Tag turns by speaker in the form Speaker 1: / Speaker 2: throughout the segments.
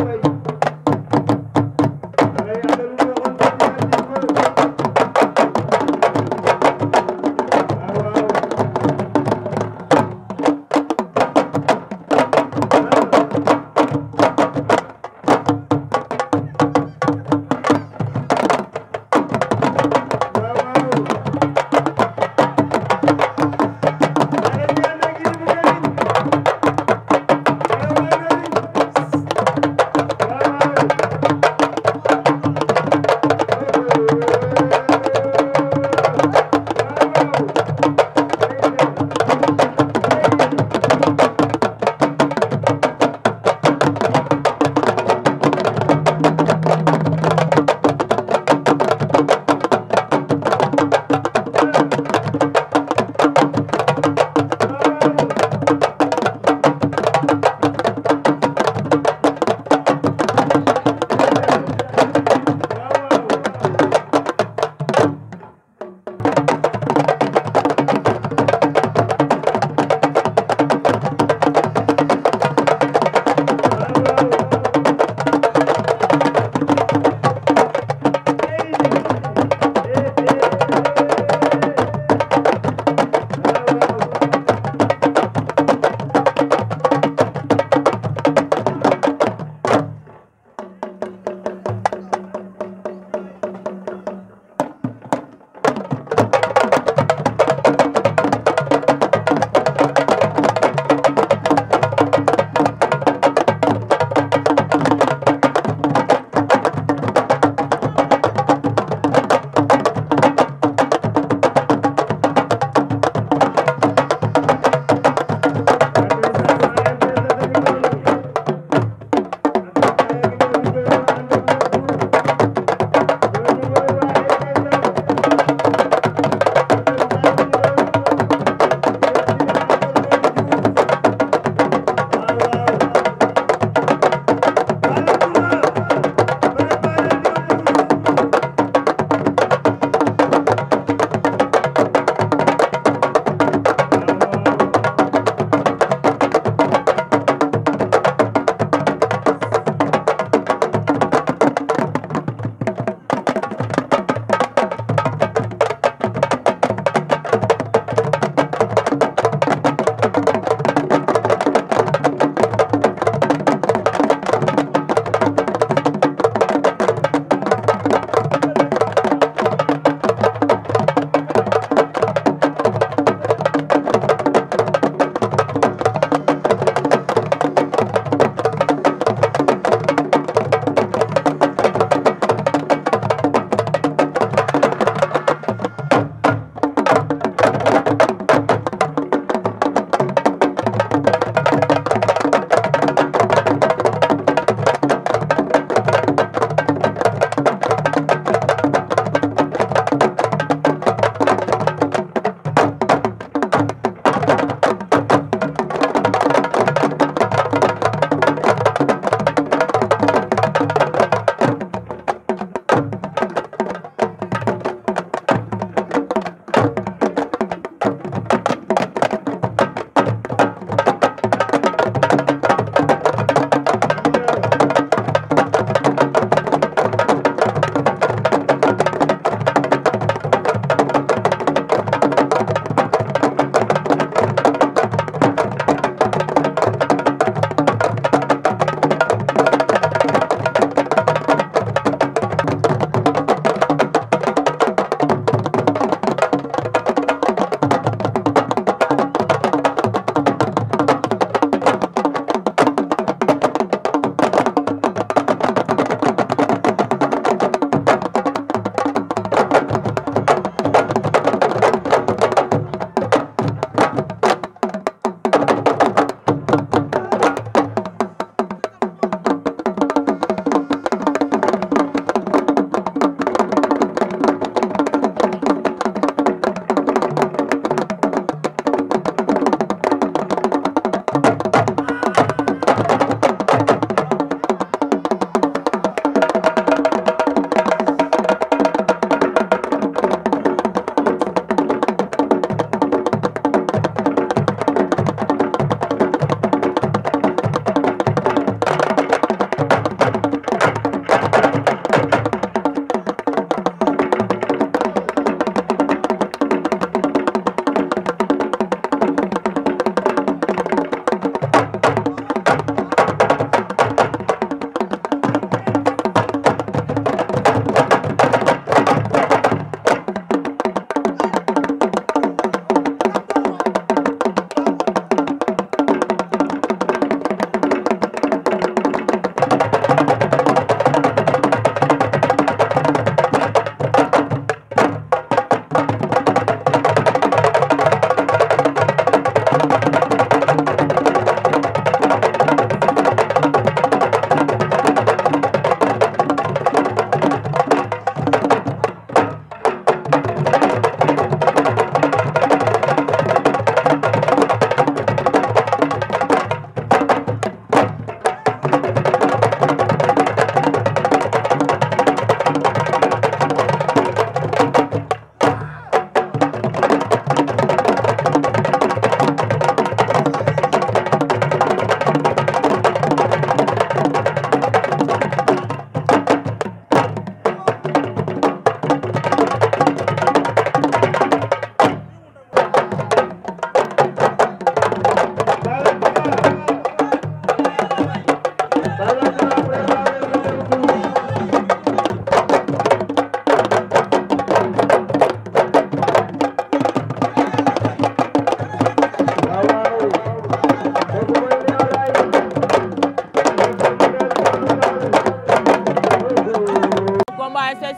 Speaker 1: way.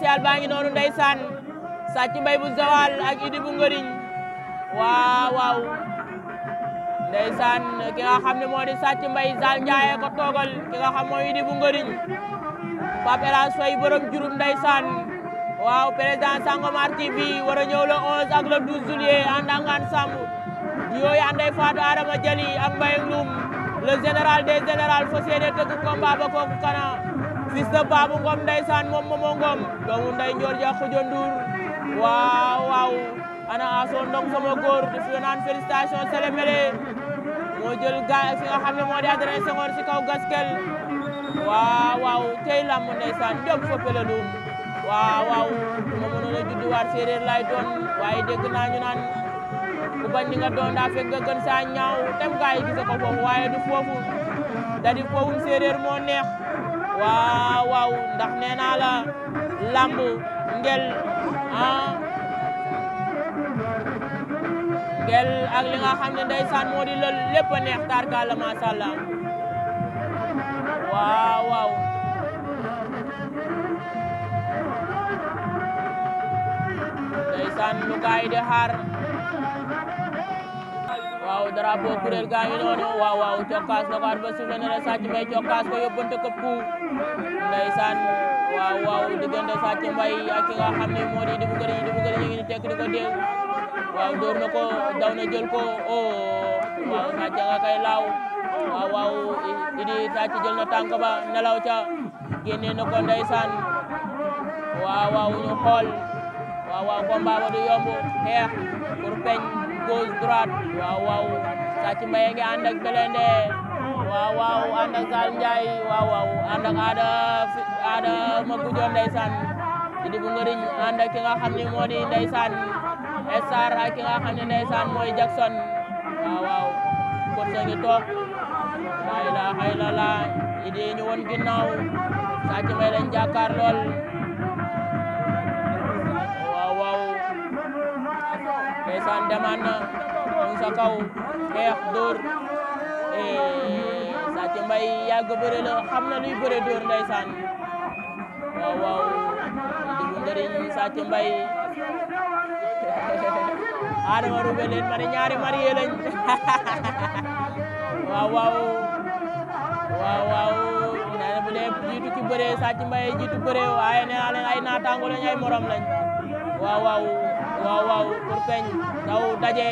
Speaker 1: spécial baa ngi noonu ndeysaan sàcc mbay bu zawal ak idi bu ngëriñ waaw waaw ndeysaan ki nga xam ne moo di sàcc mbay zal njaaye ko ki nga xam idi bu ngëriñ Pape El borom jurum ndeysaan waaw président Sangomar TV war a ñëw le 11 ak le 12 juillet ànd ak ensemble yooyu ànday Fatou Adama Jali ak Mbaye Loum le general des general fas yéene combat ba fils de Babou Ngom Momo Ngom doomu nday Ndiol ja xujo waaw waaw ana aso ndong sama góor def yo naan félicitation selemele jël ga fi nga xam ne di adresse Senghor si kaw gaskel waaw waaw tey lamb ndeysaan jom fo pelalum waaw waaw ma mënoon a juddi waat séeréer lay doon waaye ñu ku bañ nga nga gën ñaaw ko du neex waaw waaw ndax nee naa la lamb ngel ah ngel ak li nga xam ne ndeysaan moo di loolu lépp a neex tarka la macha allah waaw waaw ndeysaan lu gaay di xaar waaw drapeau kuréel gaa ngi noonu waaw waaw cokkaas na ko at ba suuf la ne la sàcc may cokkaas ko yóbbante këpp ku ndeysaan waaw waaw diggante sàcc mbay ak ki nga xam ne di di bugëri di bugëri ñu ngi ni di ko déew waaw dóor na ko daw na jël ko o oh, waaw sàcc nga kay laaw waaw waaw idi sàcc jël na tànk ba nelaw ca génne na ko ndeysaan waaw waaw ñu xool waaw waaw combat ba du yomb xeex pour peñ gauche droite waaw waaw Sathie Mbaye ngi ànd ak Blindé waaw waaw ànd ak Sall Ndiaye waaw waaw ànd ak bu ngëriñ ànd ki nga xam ne moo di ndeysaan Star ak ki nga xam ne ndeysaan mooy Jackson waaw waaw ngi toog la ilaha illallah Idi ñu woon ginnaaw Sathie Mbaye lañ jàkkaar lool ndeysaan demaan na kaw xeex dóor eh, Sathie Mbaye yàgg bëre la xam na luy bëre dóor ndeysaan waaw waaw digu ndëriñ Sathie Mbaye Adama Roubé leen ma ne ñaari marié lañ
Speaker 2: waaw waaw
Speaker 1: waaw waaw nee na bu dee jiitu ci bëre ay naataango lañ ay morom lañ waaw waaw waaw daw daje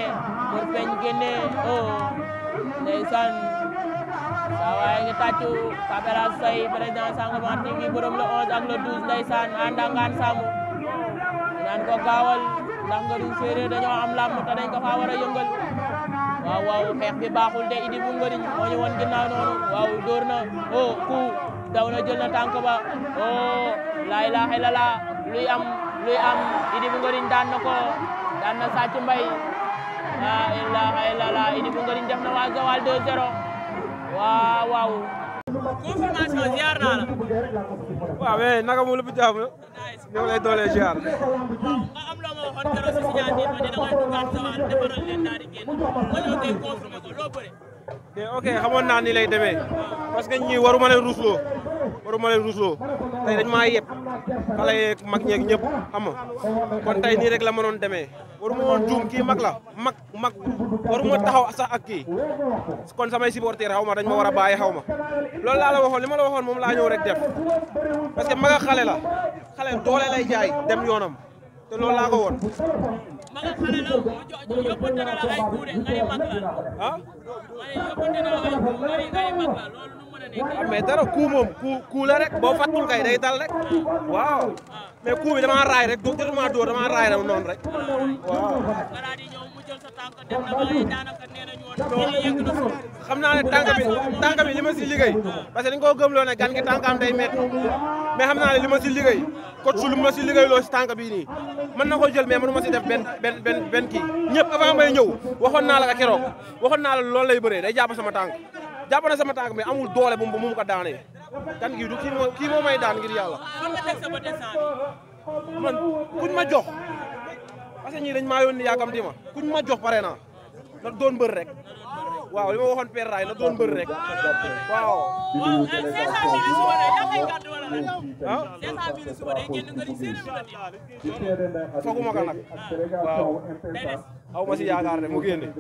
Speaker 1: Mor Feeñ génne oo oh, ndeysaan saa waay nga tàccu Kabera Sey président Sanga Martin gi borom le 11 ak le 12 ndeysaan ànd ak ngaan saamu naan ko gaawal ndax nga duñ séeréer dañoo am làmm te dañ ko faa war a yëngal waaw waaw bi baaxul de idi bu ngëriñ moo ñu woon ginnaaw noonu waaw dóor na oo oh, ku daw na jël na tànk ba oo laa ilaaha luy am idi bu ngëriñ daan na daan na Sathie Mbaye la ilaha illallah Idy bu Ngëriñ def na waa Zawal 2-0 waaw waaw confirmation ziar naa
Speaker 2: la waaw mais naka moom lépp jàmm na ñoo lay doole ziar nga
Speaker 1: am loo ma waxoon keroog si signature ba dina nga dugaat Zawal defaral leen daal di génn nga ñëw tey confirmé ko loo
Speaker 2: bëre ok xamoon naa ni lay demee parce que ñi waruma leen ruusloo waruma leen ruusloo tey dañ maa yeb xale yeeg mag ñeeg ñëpp xam nga kon tey nii rek la mënoon demee waruma woon juum kii mag la mag mag waruma taxaw sax ak kii kon samay supporter xaw ma dañ ma war a bàyyi xaw ma loolu laa la waxoon li ma la waxoon moom laa ñëw rek def parce que mag a xale la xale doole lay jaay dem yoonam te lool laa ko woon. mag a xale la yóbbante na la ay la ah. yóbbante na nga ni mag la loolu nu mu mën a nekk. Ah, mais dara la rek boo fàttul kay day dal rek waaw. Ah. mais coup bi dama ray rek do dama do dama ray rek non rek. xamna ne tànk bi tànk bi lima ci si parce que dañu koo gëmloo ne gan gi tànkam day met mais xamna ne lima ci si ko coach lima ci si lo ci tànk bi ni man nako jël mais mënu ma si def ben ben ben benn kii ñëpp avant may ñew waxon na la ak kéro waxon na la loolu lay bëree day japp sama tank japp na sama tank mais amul doole bu mu ko daané dan gi du kii moo kii moo may daan ngir yàlla. man kuñ ma jox parce dañ maa yónni yàkkamti ma kuñ ma jox pare naa na doon bër rek waaw li ma waxoon Père Raay na doon bër rek waaw. ah fooguma ko nag waaw aw ma si yaakaar mu génne